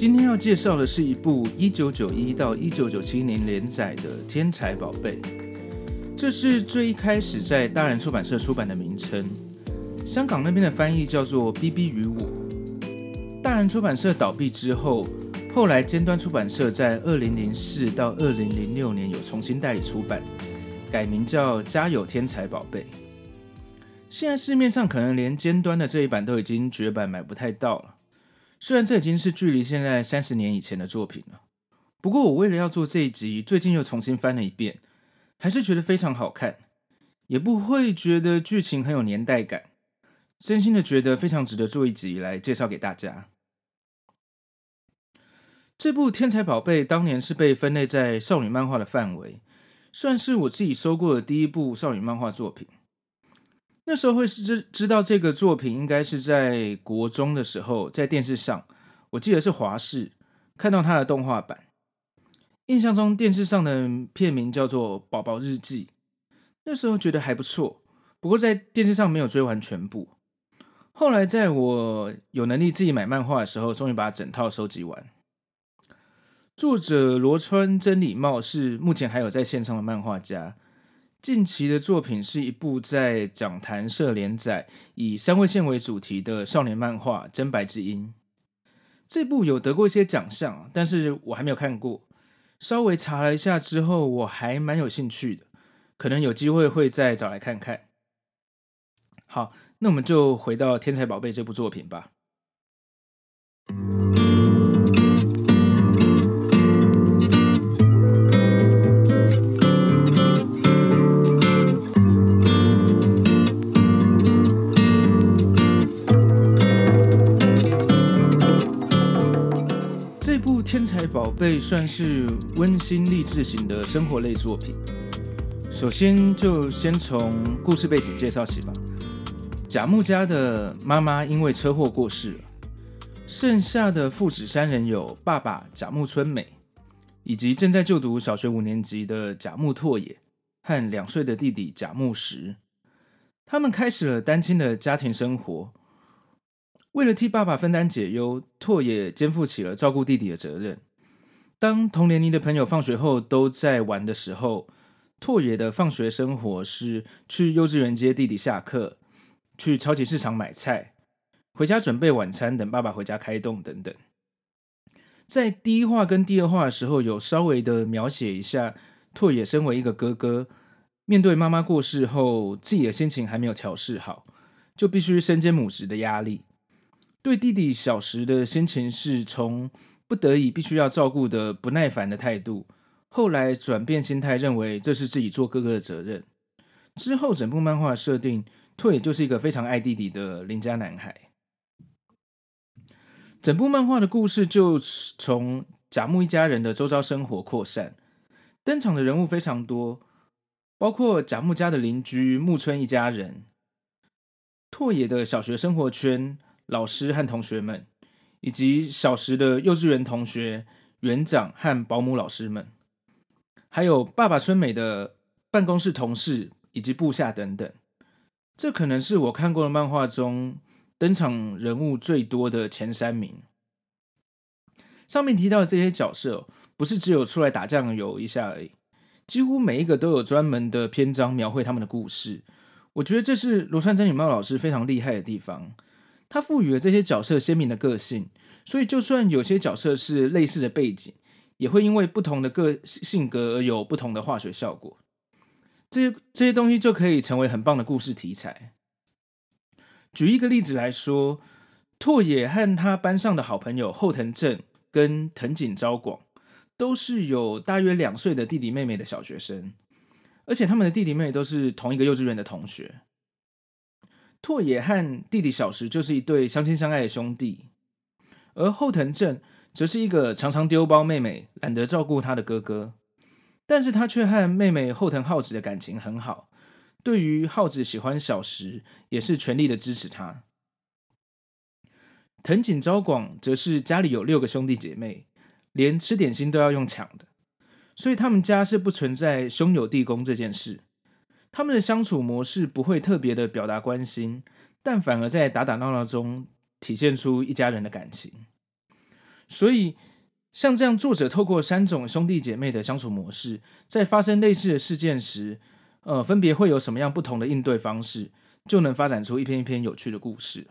今天要介紹的是一部1991到1997年連載的《天才寶貝》，這是最一開始在大然出版社出版的名稱，香港那邊的翻譯叫做《B.B. 與我》。大然出版社倒閉之後，後來尖端出版社在2004到2006年有重新代理出版，改名叫《家有天才寶貝》。現在市面上可能連尖端的這一版都已經絕版，買不太到了。雖然這已經是距離現在三十年以前的作品了，不過我為了要做這一集，最近又重新翻了一遍，還是覺得非常好看，也不會覺得劇情很有年代感，真心的覺得非常值得做一集來介紹給大家。這部《天才寶貝》當年是被分類在少女漫畫的範圍，算是我自己收過的第一部少女漫畫作品。那時候會是知知道這個作品，應該是在國中的時候，在電視上，我記得是華視看到它的動畫版。印象中電視上的片名叫做《寶寶日記》。那時候覺得還不錯，不過在電視上沒有追完全部。後來在我有能力自己買漫畫的時候，終於把整套收集完。作者羅川真里茂是目前還有在線上的漫畫家。近期的作品是一部在講談社連載以三味線為主題的少年漫畫《真白之音》。這部有得過一些獎項，但是我還沒有看過。稍微查了一下之後，我還蠻有興趣的，可能有機會會再找來看看。好，那我們就回到《天才寶貝》這部作品吧。寶貝算是溫馨勵志型的生活類作品。首先就先從故事背景介紹起吧。甲木家的媽媽因為車禍過世了，剩下的父子三人有爸爸甲木春美，以及正在就讀小學五年級的甲木拓也和兩歲的弟弟甲木時。他們開始了單親的家庭生活。為了替爸爸分擔解憂，拓也肩負起了照顧弟弟的責任。當同年齡的朋友放學後都在玩的時候，拓也的放學生活是去幼稚園接弟弟下課，去超級市場買菜，回家準備晚餐，等爸爸回家開動等等。在第一話跟第二話的時候，有稍微的描寫一下拓也身為一個哥哥，面對媽媽過世後自己的心情還沒有調適好，就必須身兼母職的壓力。對弟弟小時的心情是從。不得已，必須要照顧的不耐煩的態度，後來轉變心態，認為這是自己做哥哥的責任。之後，整部漫畫設定，拓也就是一個非常愛弟弟的鄰家男孩。整部漫畫的故事就從甲木一家人的周遭生活擴散，登場的人物非常多，包括甲木家的鄰居木村一家人、拓也的小學生活圈、老師和同學們。以及小時的幼稚園同學、園長和保姆老師們，還有爸爸春美的辦公室同事以及部下等等，這可能是我看過的漫畫中登場人物最多的前三名。上面提到的這些角色，不是只有出來打醬油一下而已，幾乎每一個都有專門的篇章描繪他們的故事。我覺得這是羅川真里茂老師非常厲害的地方。他賦予了這些角色鮮明的個性，所以就算有些角色是類似的背景，也會因為不同的個性性格而有不同的化學效果。這些這些東西就可以成為很棒的故事題材。舉一個例子來說，拓也和他班上的好朋友後藤正跟藤井昭廣，都是有大約兩歲的弟弟妹妹的小學生，而且他們的弟弟妹妹都是同一個幼稚園的同學。拓也和弟弟小時就是一對相親相愛的兄弟，而後藤正則是一個常常丟包妹妹，懶得照顧他的哥哥，但是他卻和妹妹後藤浩子的感情很好，對於浩子喜歡小時也是全力的支持他。藤井昭廣則是家裡有六個兄弟姐妹，連吃點心都要用搶的，所以他們家是不存在兄友弟恭這件事。他們的相處模式不會特別的表達關心，但反而在打打鬧鬧中體現出一家人的感情。所以，像這樣，作者透過三種兄弟姐妹的相處模式，在發生類似的事件時，呃，分別會有什麼樣不同的應對方式，就能發展出一篇一篇有趣的故事。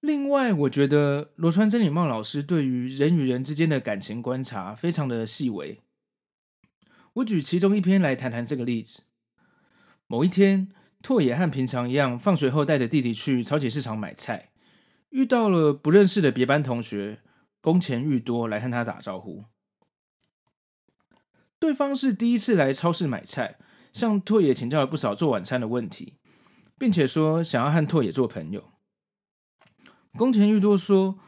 另外，我覺得羅川真里茂老師對於人與人之間的感情觀察非常的細微。我舉其中一篇來談談這個例子。某一天，拓也和平常一樣放學後帶着弟弟去超級市場買菜，遇到了不認識的別班同學宮前玉多來和他打招呼。對方是第一次來超市買菜，向拓也請教了不少做晚餐的問題，並且說想要和拓也做朋友。宮前玉多說：“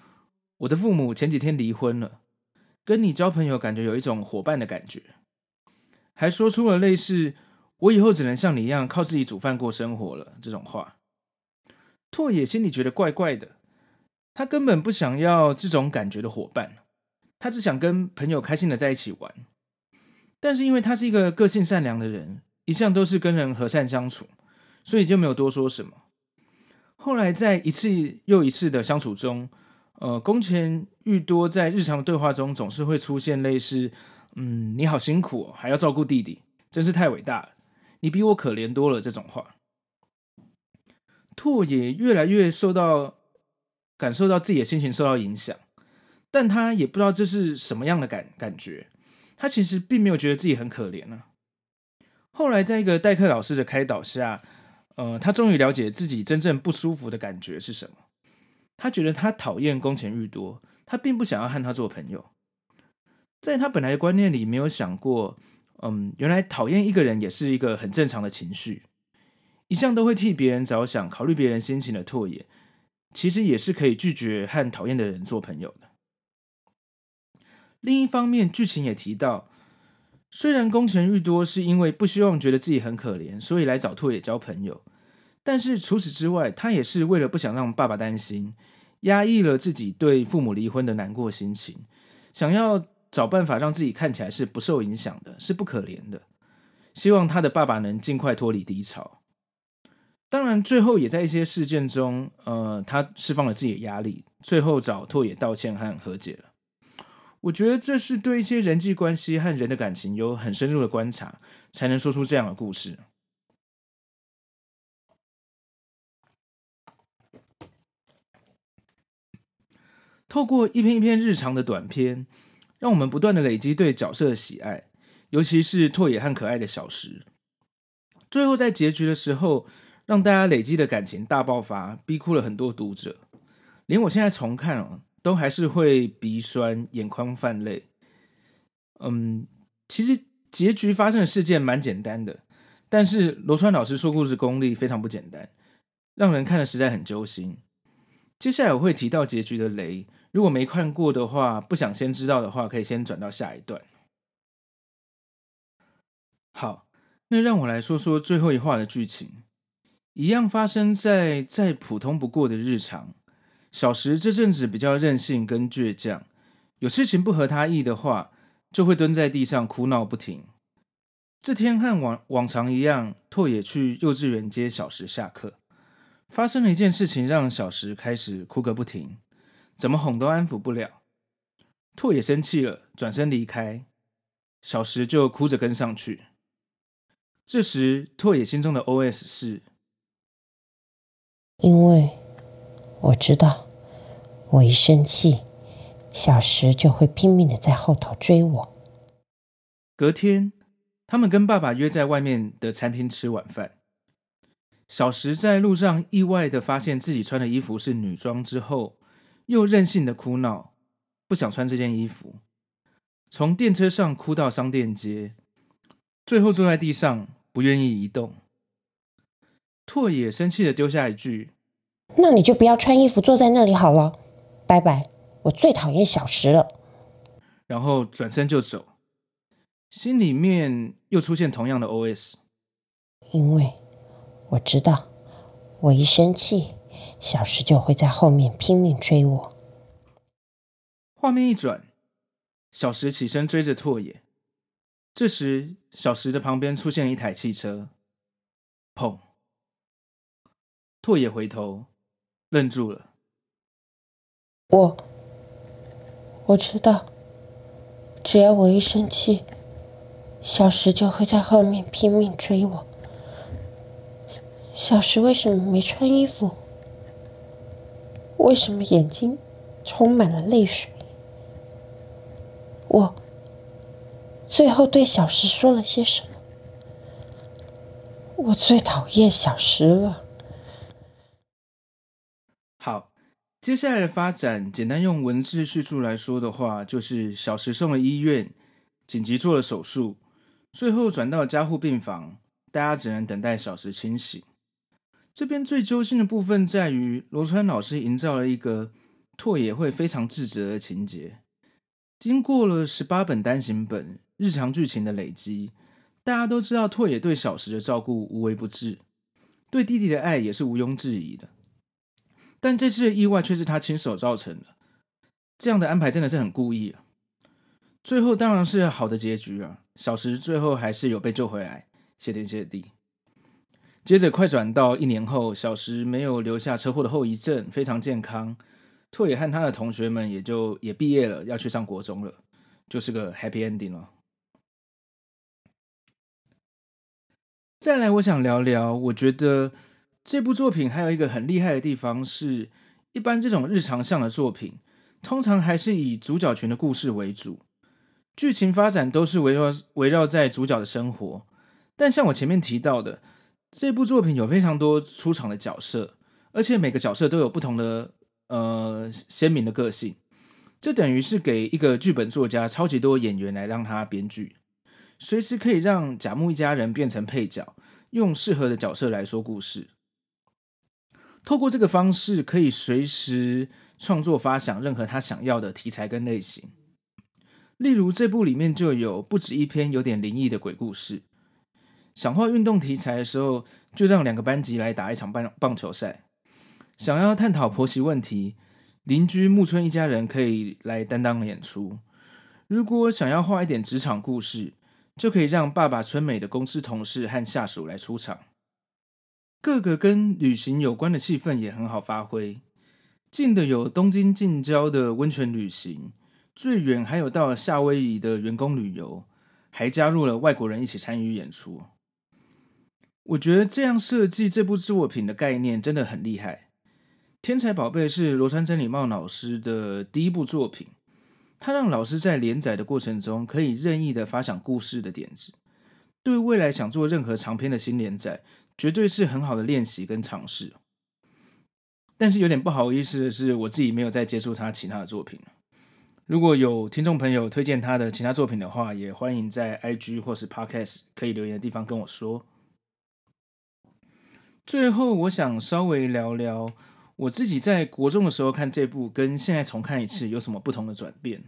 我的父母前幾天離婚了，跟你交朋友感覺有一種伙伴的感覺。”還說出了類似“我以後只能像你一樣靠自己煮飯過生活了”這種話，拓也心裡覺得怪怪的。他根本不想要這種感覺的伙伴，他只想跟朋友開心的在一起玩。但是因為他是一個個性善良的人，一向都是跟人和善相處，所以就沒有多說什麼。後來在一次又一次的相處中，呃，宮前裕多在日常對話中總是會出現類似。嗯，你好辛苦哦，還要照顧弟弟，真是太偉大了。你比我可憐多了，這種話。拓也越來越受到感受到自己的心情受到影響，但他也不知道這是什麼樣的感感覺。他其實並沒有覺得自己很可憐呢、啊。後來，在一個代課老師的開導下，呃，他終於了解自己真正不舒服的感覺是什麼。他覺得他討厭工錢愈多，他並不想要和他做朋友。在他本來的觀念裡，沒有想過，嗯，原來討厭一個人也是一個很正常的情緒。一向都會替別人着想、考慮別人心情的拓也，其實也是可以拒絕和討厭的人做朋友的。另一方面，劇情也提到，雖然宮城裕多是因為不希望覺得自己很可憐，所以來找拓也交朋友，但是除此之外，他也是為了不想讓爸爸擔心，壓抑了自己對父母離婚的難過心情，想要找辦法讓自己看起來是不受影響的，是不可憐的。希望他的爸爸能盡快脫離低潮。當然，最後也在一些事件中，呃，他釋放了自己的壓力，最後找拓也道歉和和解了。我覺得這是對一些人際關係和人的感情有很深入的觀察，才能說出這樣的故事。透過一篇一篇日常的短篇。讓我們不斷的累積對角色的喜愛，尤其是拓也和可愛的小實。最後在結局的時候，讓大家累積的感情大爆發，逼哭了很多讀者。連我現在重看哦，都還是會鼻酸、眼眶泛淚。嗯，其實結局發生的事件蠻簡單的，但是羅川老師說故事功力非常不簡單，讓人看得實在很揪心。接下來我會提到結局的雷。如果沒看過的話，不想先知道的話，可以先轉到下一段。好，那讓我來說說最後一話的劇情。一樣發生在再普通不過的日常。小石這陣子比較任性跟倔強，有事情不合他意的話，就會蹲在地上哭鬧不停。這天和往往常一樣，拓也去幼稚園接小石下課，發生了一件事情，讓小石開始哭個不停。怎麼哄都安撫不了，拓也生氣了，轉身離開。小石就哭着跟上去。這時，拓也心中的 OS 是：因為我知道，我一生氣，小時就會拼命的在後頭追我。隔天，他們跟爸爸約在外面的餐廳吃晚飯。小時在路上意外的發現自己穿的衣服是女裝之後。又任性的哭鬧，不想穿這件衣服，從電車上哭到商店街，最後坐在地上不願意移動。拓也生氣的丟下一句：“那你就不要穿衣服坐在那裡好了，拜拜，我最討厭小實了。”然後轉身就走，心裡面又出現同樣的 O.S.，因為我知道我一生氣。小石就會在後面拼命追我。畫面一轉，小石起身追着拓也，這時，小石的旁邊出現一台汽車，砰！拓也回頭愣住了。我我知道，只要我一生氣，小石就會在後面拼命追我。小石為什麼沒穿衣服？為什麼眼睛充滿了淚水？我最後對小石說了些什麼？我最討厭小石了。好，接下來的發展，簡單用文字敘述來說的話，就是小石送了醫院，緊急做了手術，最後轉到了加護病房，大家只能等待小石清醒。這邊最揪心的部分在於，羅川老師營造了一個拓也會非常自責的情節。經過了十八本單行本日常劇情的累積，大家都知道拓也對小時的照顧無微不至，對弟弟的愛也是毋庸置疑的。但這次的意外卻是他親手造成的，這樣的安排真的是很故意啊！最後當然是好的結局啊，小時最後還是有被救回來，謝天謝地。接着快轉到一年後，小石沒有留下車禍的後遺症，非常健康。拓也和他的同學們也就也畢業了，要去上國中了，就是個 Happy Ending 了哦。再來，我想聊聊，我覺得這部作品還有一個很厲害的地方是，一般這種日常向的作品，通常還是以主角群的故事為主，劇情發展都是圍繞圍繞在主角的生活。但像我前面提到的。這部作品有非常多出場的角色，而且每個角色都有不同的呃鮮明的個性。這等於是給一個劇本作家超級多演員來讓他編劇，隨時可以讓榎木一家人變成配角，用適合的角色來說故事。透過這個方式，可以隨時創作發想任何他想要的題材跟類型。例如這部裡面就有不止一篇有點靈異的鬼故事。想畫運動題材的時候，就讓兩個班級來打一場棒棒球賽。想要探討婆媳問題，鄰居木村一家人可以來擔當演出。如果想要畫一點職場故事，就可以讓爸爸春美的公司同事和下屬來出場。各個跟旅行有關的氣氛也很好發揮，近的有東京近郊的溫泉旅行，最遠還有到夏威夷的員工旅遊，還加入了外國人一起參與演出。我覺得這樣設計這部作品的概念真的很厲害。天才寶貝是羅川真里茂老師的第一部作品，他讓老師在連載的過程中可以任意的發想故事的點子，對未來想做任何長篇的新連載絕對是很好的練習跟嘗試。但是有點不好意思的是，我自己沒有再接觸他其他的作品。如果有聽眾朋友推薦他的其他作品的話，也歡迎在 IG 或是 Podcast 可以留言的地方跟我說。最後，我想稍微聊聊我自己在國中的時候看這部，跟現在重看一次有什麼不同的轉變。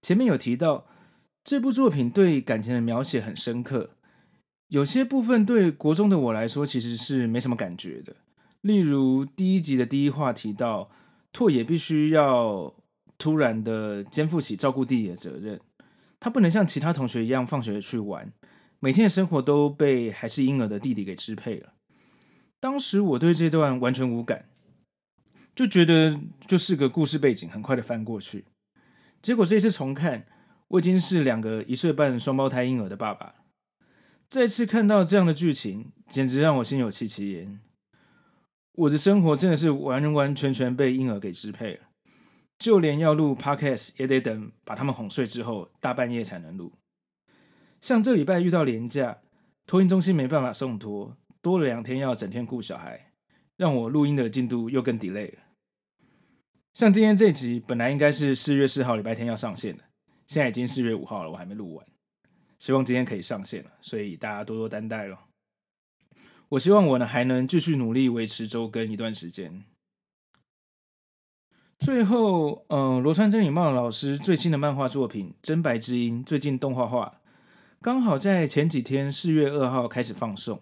前面有提到，這部作品對感情的描寫很深刻，有些部分對國中的我來說其實是沒什麼感覺的。例如第一集的第一話提到，拓也必須要突然的肩負起照顧弟弟的責任，他不能像其他同學一樣放學去玩，每天的生活都被還是嬰兒的弟弟給支配了。當時我對這段完全無感，就覺得就是個故事背景，很快的翻過去。結果這次重看，我已經是兩個一歲半雙胞胎嬰兒的爸爸，再次看到這樣的劇情，簡直讓我心有戚戚焉。我的生活真的是完完全全被嬰兒給支配了，就連要錄 Podcast 也得等把他們哄睡之後，大半夜才能錄。像這禮拜遇到連假，托嬰中心沒辦法送托。多了兩天要整天顧小孩，讓我錄音的進度又更 delay。像今天這集本來應該是四月四號禮拜天要上線的，現在已經四月五號了，我還沒錄完。希望今天可以上線，所以大家多多擔待嘍。我希望我呢還能繼續努力維持周更一段時間。最後，嗯、呃，羅川真里茂老師最新的漫畫作品《真白之音》最近動畫化，剛好在前幾天四月二號開始放送。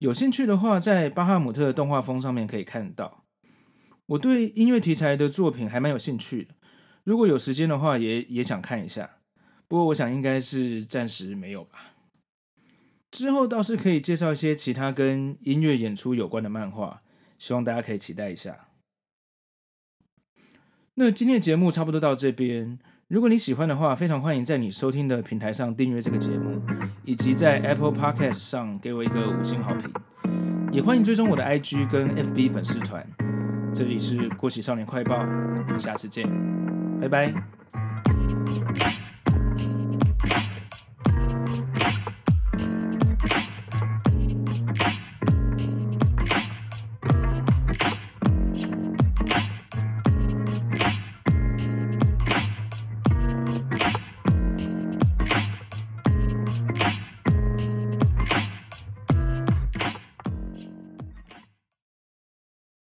有興趣的話，在巴哈姆特的動畫瘋上面可以看到。我對音樂題材的作品還蠻有興趣的，如果有時間的話也、也也想看一下。不過我想應該是暫時沒有吧。之後倒是可以介紹一些其他跟音樂演出有關的漫畫，希望大家可以期待一下。那今天的節目差不多到這邊。如果你喜歡的話，非常歡迎在你收聽的平台上訂閱這個節目，以及在 Apple Podcast 上給我一個五星好評。也歡迎追蹤我的 IG 跟 FB 粉絲團。這裡是過期少年快報，我們下次見，拜拜。